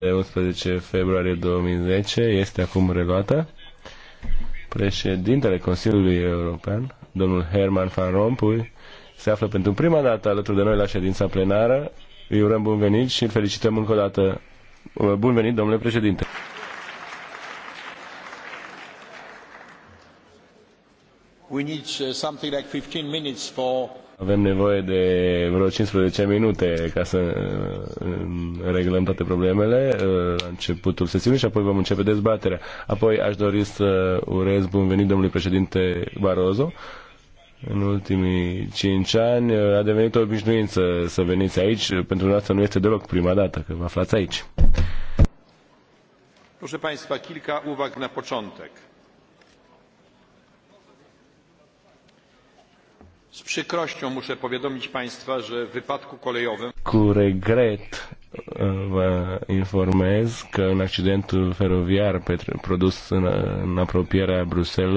de 11 februarie 2010 este acum reluată. Președintele Consiliului European, domnul Herman Van Rompuy, se află pentru prima dată alături de noi la ședința plenară. Îi urăm bun venit și îl felicităm încă o dată. Bun venit, domnule președinte! We need uh, something like 15 minutes for avem nevoie de vreo 15 minute ca să uh, reglăm toate problemele uh, la începutul sesiunii și apoi vom începe dezbaterea. Apoi aș dori să urez bun venit domnului președinte Barroso. În ultimii 5 ani uh, a devenit o obișnuință să veniți aici. Pentru noastră nu este deloc prima dată că vă aflați aici. Proszę Państwa, kilka uwag na początek. Z przykrością muszę powiadomić Państwa, że w wypadku kolejowym... Cu regret vă informez că în accidentul feroviar produs în, apropierea Bruselei